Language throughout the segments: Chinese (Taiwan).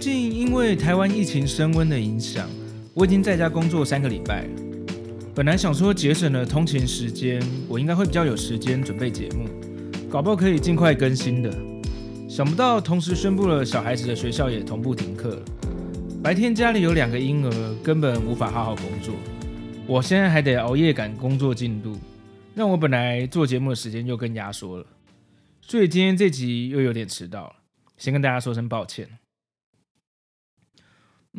最近因為台灣疫情升溫的影響，我已經在家工作三個禮拜了。本來想說節省了通勤時間，我應該會比較有時間準備節目，搞不好可以盡快更新的。想不到同時宣布了小孩子的學校也同步停課，白天家裡有兩個嬰兒，根本無法好好工作。我現在還得熬夜趕工作進度，讓我本來做節目的時間又更壓縮了。所以今天這集又有點遲到了，先跟大家說聲抱歉。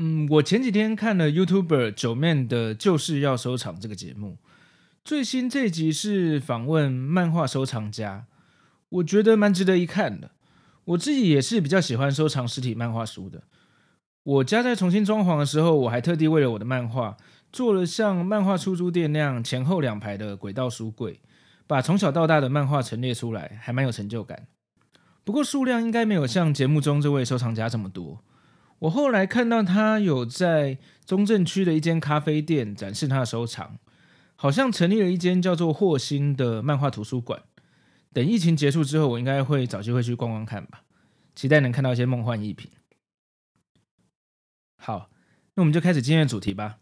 嗯，我前幾天看了 YouTuber Joeman 的《就是要收藏》這個節目，最新這集是訪問漫畫收藏家，我覺得蠻值得一看的。我自己也是比較喜歡收藏實體漫畫書的。我家在重新裝潢的時候，我還特地為了我的漫畫做了像漫畫出租店那樣前後兩排的軌道書櫃，把從小到大的漫畫陳列出來，還蠻有成就感。不過數量應該沒有像節目中這位收藏家這麼多。我後來看到他有在中正區的一間咖啡店展示他的收藏，好像成立了一間叫做霍興的漫畫圖書館。等疫情結束之後，我應該會找機會去逛逛看吧，期待能看到一些夢幻逸品。好，那我們就開始今天的主題吧。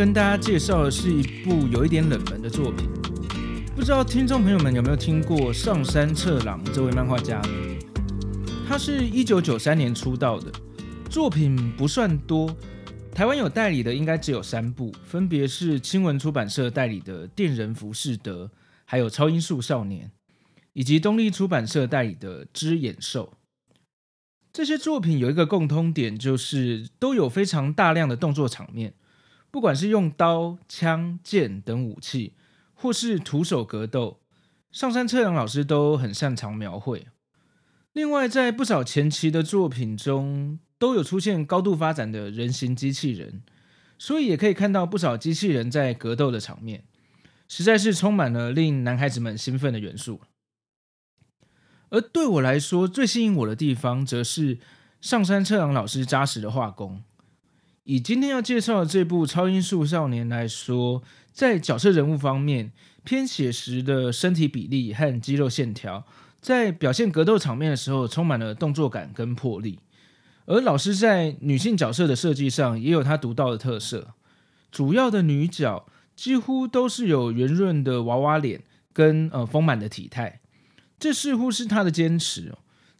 跟大家介紹的是一部有一點冷門的作品，不知道聽眾朋友們有沒有聽過上山徹郎這位漫畫家？他是一九九三年出道的，作品不算多，台灣有代理的應該只有三部，分別是青文出版社代理的《電人浮士德》，還有《超音速少年》，以及東立出版社代理的《隻眼獸》。這些作品有一個共通點，就是都有非常大量的動作場面。不管是用刀、槍、劍等武器，或是徒手格鬥，上山徹郎老師都很擅長描繪。另外，在不少前期的作品中，都有出現高度發展的人形機器人，所以也可以看到不少機器人在格鬥的場面，實在是充滿了令男孩子們興奮的元素。而對我來說，最吸引我的地方，則是上山徹郎老師紮實的畫功。以今天要介紹的這部《超音速少年》來說，在角色人物方面，偏寫實的身體比例和肌肉線條，在表現格鬥場面的時候，充滿了動作感跟魄力。而老師在女性角色的設計上，也有她獨到的特色。主要的女角幾乎都是有圓潤的娃娃臉跟呃豐滿的體態，這似乎是她的堅持。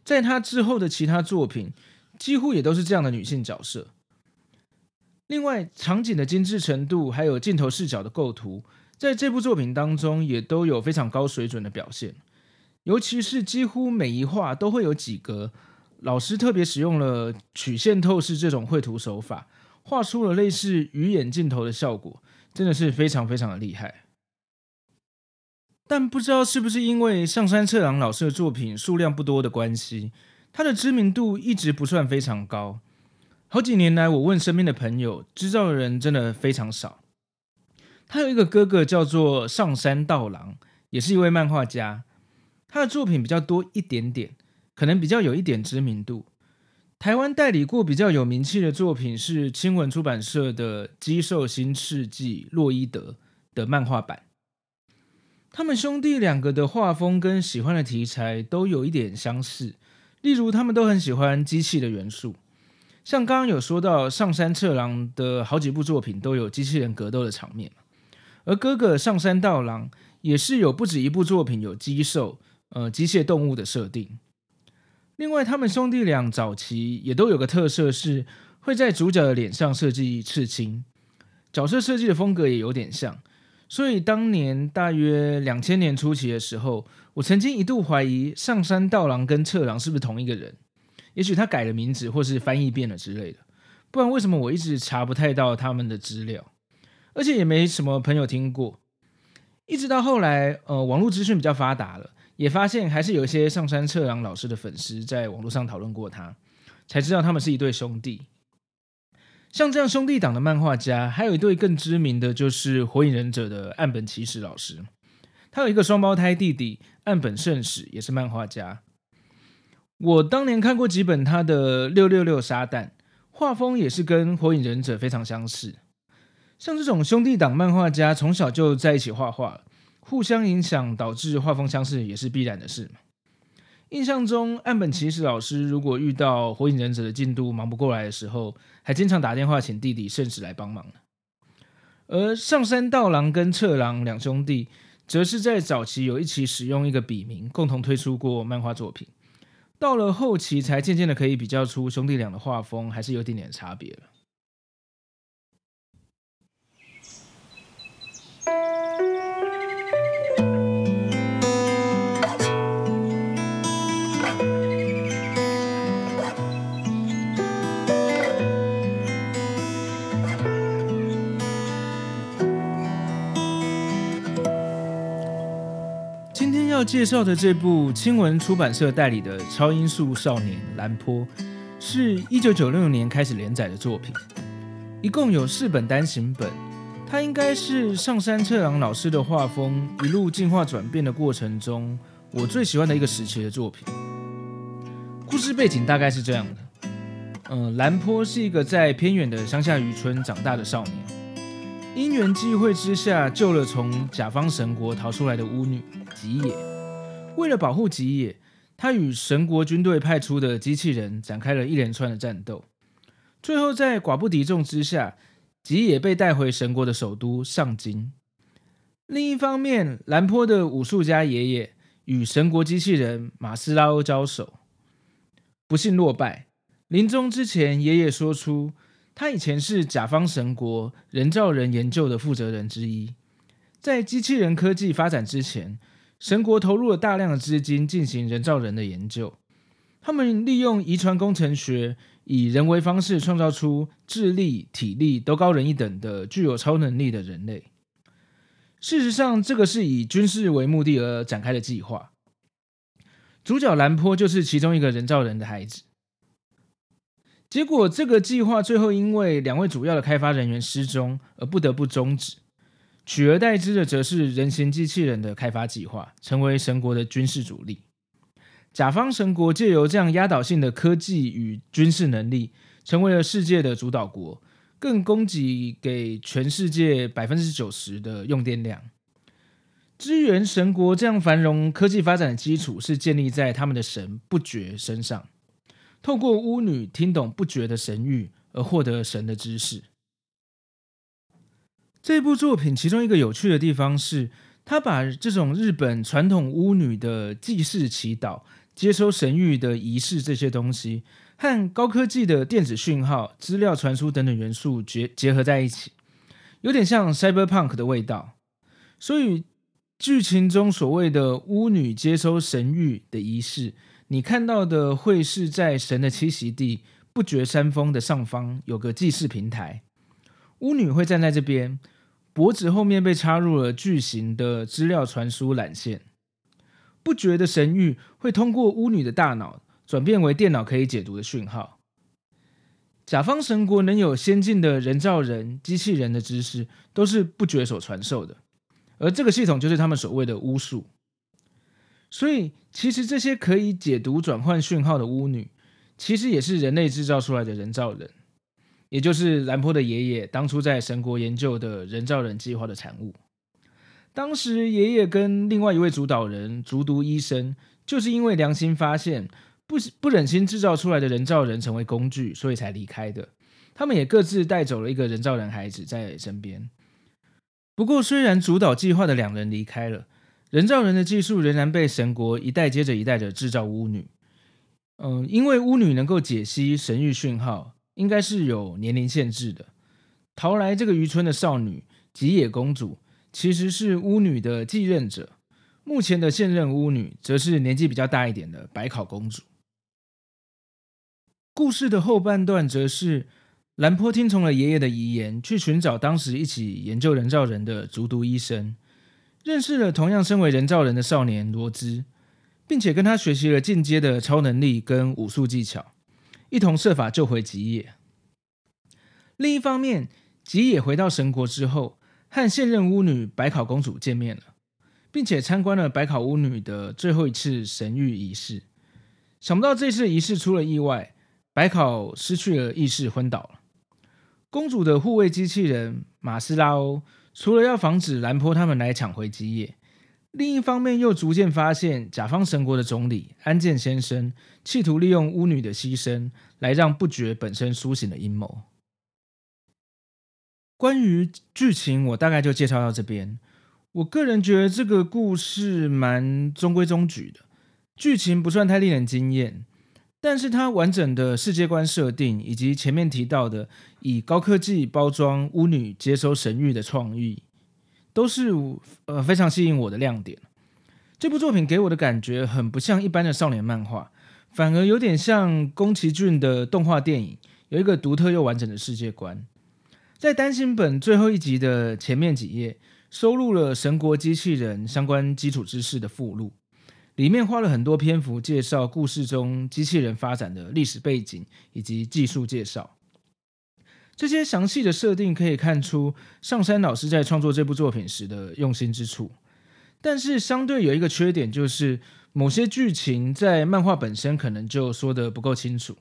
在她之後的其他作品，幾乎也都是這樣的女性角色。另外，場景的精緻程度，還有鏡頭視角的構圖，在這部作品當中也都有非常高水準的表現。尤其是幾乎每一畫都會有幾格，老師特別使用了曲線透視這種繪圖手法，畫出了類似魚眼鏡頭的效果，真的是非常非常的厲害。但不知道是不是因為上山徹郎老師的作品數量不多的關係，他的知名度一直不算非常高。好幾年來，我問身邊的朋友，知道的人真的非常少。他有一個哥哥，叫做上山道郎，也是一位漫畫家。他的作品比較多一點點，可能比較有一點知名度。台灣代理過比較有名氣的作品是青文出版社的《機獸新世紀》洛伊德的漫畫版。他們兄弟兩個的畫風跟喜歡的題材都有一點相似，例如他們都很喜歡機器的元素。像剛剛有說到上山徹郎的好幾部作品都有機器人格鬥的場面，而哥哥上山道郎也是有不止一部作品有機獸，呃，機械動物的設定。另外，他們兄弟倆早期也都有個特色是會在主角的臉上設計刺青，角色設計的風格也有點像。所以當年大約兩千年初期的時候，我曾經一度懷疑上山道郎跟徹郎是不是同一個人。也許他改了名字，或是翻譯變了之類的，不然為什麼我一直查不太到他們的資料，而且也沒什麼朋友聽過。一直到後來，呃，網絡資訊比較發達了，也發現還是有一些上山測量老師的粉絲在網絡上討論過他，才知道他們是一對兄弟。像這樣兄弟檔的漫畫家，還有一對更知名的就是《火影忍者》的岸本齊史老師，他有一個雙胞胎弟弟岸本聖史，也是漫畫家。我當年看過幾本他的《六六六撒旦》，畫風也是跟《火影忍者》非常相似。像這種兄弟檔漫畫家，從小就在一起畫畫，互相影響，導致畫風相似也是必然的事。印象中，岸本齊史老師如果遇到《火影忍者》的進度忙不過來的時候，還經常打電話請弟弟聖史來幫忙。而上山道郎跟徹郎兩兄弟，則是在早期有一起使用一個筆名，共同推出過漫畫作品。到了後期，才漸漸的可以比較出兄弟倆的畫風，還是有點點差別了。介紹的這部青文出版社代理的《超音速少年藍波》，是一九九六年開始連載的作品，一共有四本單行本。它應該是上山徹郎老師的畫風一路進化轉變的過程中，我最喜歡的一個時期的作品。故事背景大概是這樣的：嗯、呃，藍波是一個在偏遠的鄉下漁村長大的少年，因緣際會之下救了從甲方神國逃出來的巫女吉野。為了保護吉野，他與神國軍隊派出的機器人展開了一連串的戰鬥。最後，在寡不敵眾之下，吉野被帶回神國的首都上京。另一方面，蘭坡的武術家爺爺與神國機器人馬斯拉歐交手，不幸落敗。臨終之前，爺爺說出他以前是甲方神國人造人研究的負責人之一，在機器人科技發展之前，神國投入了大量的資金進行人造人的研究，他們利用遺傳工程學以人為方式創造出智力、體力都高人一等的具有超能力的人類。事實上，這個是以軍事為目的而展開的計劃。主角藍波就是其中一個人造人的孩子。結果，這個計劃最後因為兩位主要的開發人員失蹤而不得不終止。取而代之的，則是人形機器人的開發計劃，成為神國的軍事主力。甲方神國借由這樣壓倒性的科技與軍事能力，成為了世界的主導國，更供給給全世界百分之九十的用電量。支援神國這樣繁榮科技發展的基礎，是建立在他們的神不覺身上，透過巫女聽懂不覺的神諭，而獲得神的知識。這部作品其中一個有趣的地方是，他把這種日本傳統巫女的祭祀祈禱、接收神諭的儀式這些東西，和高科技的電子訊號、資料傳輸等等元素結結合在一起，有點像 Cyberpunk 的味道。所以，劇情中所謂的巫女接收神諭的儀式，你看到的會是在神的棲息地，不絕山峰的上方有個祭祀平台，巫女會站在這邊。脖子後面被插入了巨型的資料傳輸纜線，不覺的神域會通過巫女的大腦轉變為電腦可以解讀的訊號。甲方神國能有先進的人造人、機器人的知識，都是不覺所傳授的，而這個系統就是他們所謂的巫術。所以，其實這些可以解讀轉換訊號的巫女，其實也是人類製造出來的人造人。也就是蘭坡的爺爺當初在神國研究的人造人計劃的產物。當時爺爺跟另外一位主導人——主讀醫生，就是因為良心發現不，不不忍心製造出來的人造人成為工具，所以才離開的。他們也各自帶走了一個人造人孩子在身邊。不過，雖然主導計劃的兩人離開了，人造人的技術仍然被神國一代接着一代的製造巫女。嗯，因為巫女能夠解析神域訊號。應該是有年齡限制的。逃來這個漁村的少女吉野公主，其實是巫女的繼任者。目前的現任巫女，則是年紀比較大一點的白考公主。故事的後半段，則是蘭坡聽從了爺爺的遺言，去尋找當時一起研究人造人的足毒醫生，認識了同樣身為人造人的少年羅茲，並且跟他學習了進階的超能力跟武術技巧。一同設法救回吉野。另一方面，吉野回到神國之後，和現任巫女白考公主見面了，並且參觀了白考巫女的最後一次神諭儀式。想不到這次儀式出了意外，白考失去了意識昏倒了。公主的護衛機器人馬斯拉歐，除了要防止蘭坡他們來搶回吉野。另一方面，又逐漸發現，甲方神國的總理安健先生企圖利用巫女的犧牲來讓不覺本身甦醒的陰謀。關於劇情，我大概就介紹到這邊。我個人覺得這個故事蠻中規中矩的，劇情不算太令人驚豔，但是它完整的世界觀設定以及前面提到的以高科技包裝巫女接收神諭的創意。都是呃、非常吸引我的亮點。這部作品給我的感覺很不像一般的少年漫畫，反而有點像宮崎駿的動畫電影，有一個獨特又完整的世界觀。在單行本最後一集的前面幾頁，收錄了神國機器人相關基礎知識的附錄，裡面花了很多篇幅介紹故事中機器人發展的歷史背景以及技術介紹。這些詳細的設定可以看出上山老師在創作這部作品時的用心之處，但是相對有一個缺點，就是某些劇情在漫畫本身可能就說得不夠清楚，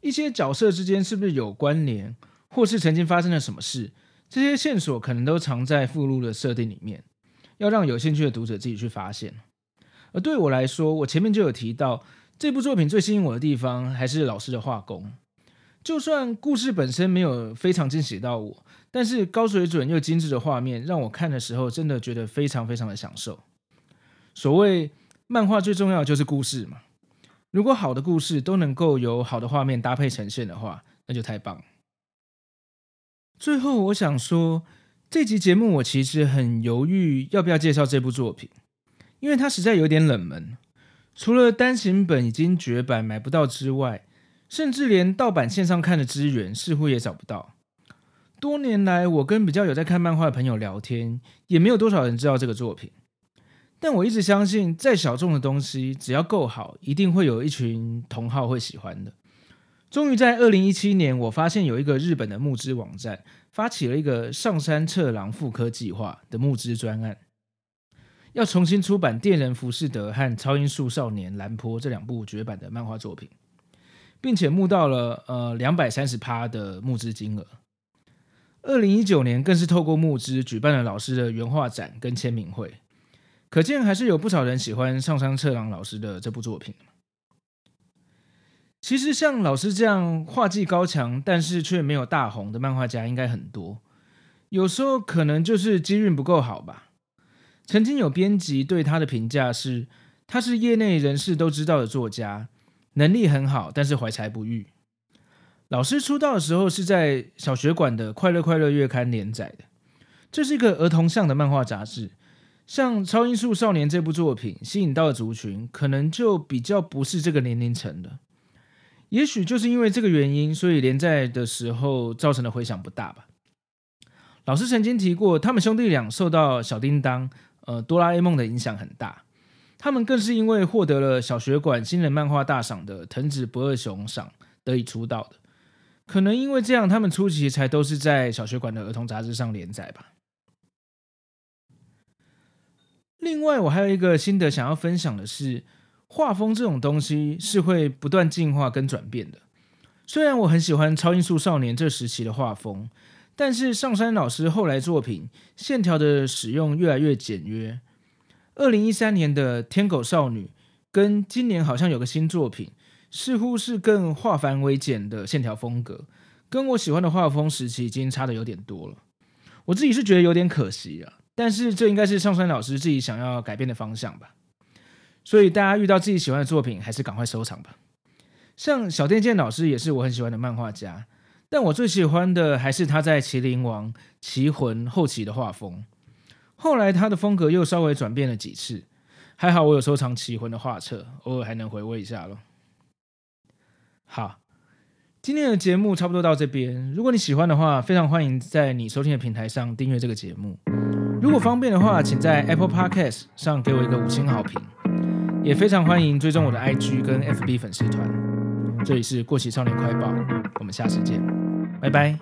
一些角色之間是不是有關聯，或是曾經發生了什麼事，這些線索可能都藏在附錄的設定裡面，要讓有興趣的讀者自己去發現。而對我來說，我前面就有提到，這部作品最吸引我的地方還是老師的畫工。就算故事本身沒有非常驚喜到我，但是高水準又精致的畫面，讓我看的時候真的覺得非常非常的享受。所謂漫畫最重要就是故事嘛，如果好的故事都能夠有好的畫面搭配呈現的話，那就太棒了。最後我想說，這集節目我其實很猶豫要不要介紹這部作品，因為它實在有點冷門，除了單行本已經絕版買不到之外，甚至連盜版線上看的資源似乎也找不到。多年來，我跟比較有在看漫畫的朋友聊天，也沒有多少人知道這個作品。但我一直相信，再小眾的東西，只要夠好，一定會有一群同好會喜歡的。終於在二零一七年，我發現有一個日本的募資網站發起了一個上山徹郎復刻計劃的募資專案，要重新出版《電人浮士德》和《超音速少年藍波》這兩部絕版的漫畫作品。並且募到了呃、兩百三十趴的募資金額，二零一九年更是透過募資舉辦了老師的原畫展跟簽名會，可見還是有不少人喜歡上山徹郎老師的這部作品。其實像老師這樣畫技高強，但是卻沒有大紅的漫畫家應該很多，有時候可能就是機運不夠好吧？曾經有編輯對他的評價是，他是業內人士都知道的作家。能力很好，但是懷才不遇。老師出道的時候是在小學館的《快樂快樂月刊》連載的，這是一個兒童向的漫畫雜誌。像《超音速少年》這部作品，吸引到的族群可能就比較不是這個年齡層的。也許就是因為這個原因，所以連載的時候造成的回響不大吧。老師曾經提過，他們兄弟倆受到小叮噹、呃，哆啦 A 夢的影響很大。他們更是因為獲得了小學館新人漫畫大賞的藤子不二雄賞，得以出道的。可能因為這樣，他們初期才都是在小學館的兒童雜誌上連載吧。另外，我還有一個心得想要分享的是，畫風這種東西是會不斷進化跟轉變的。雖然我很喜歡《超音速少年》這時期的畫風，但是上山老師後來作品線條的使用越來越簡約。二零一三年的《天狗少女》跟今年好像有個新作品，似乎是更化繁為簡的線條風格，跟我喜歡的畫風時期已經差得有點多了。我自己是覺得有點可惜啊，但是這應該是上山老師自己想要改變的方向吧。所以大家遇到自己喜歡的作品，還是趕快收藏吧。像小畑健老師也是我很喜歡的漫畫家，但我最喜歡的還是他在《麒麟王》《棋魂》後期的畫風。後來他的風格又稍微轉變了幾次，還好我有收藏棋魂的畫冊，偶爾還能回味一下咯。好，今天的節目差不多到這邊。如果你喜歡的話，非常歡迎在你收聽的平台上訂閱這個節目。如果方便的話，請在 Apple Podcast 上給我一個五星好評。也非常歡迎追蹤我的 IG 跟 FB 粉絲團。這裡是過期少年快報，我們下次見，拜拜。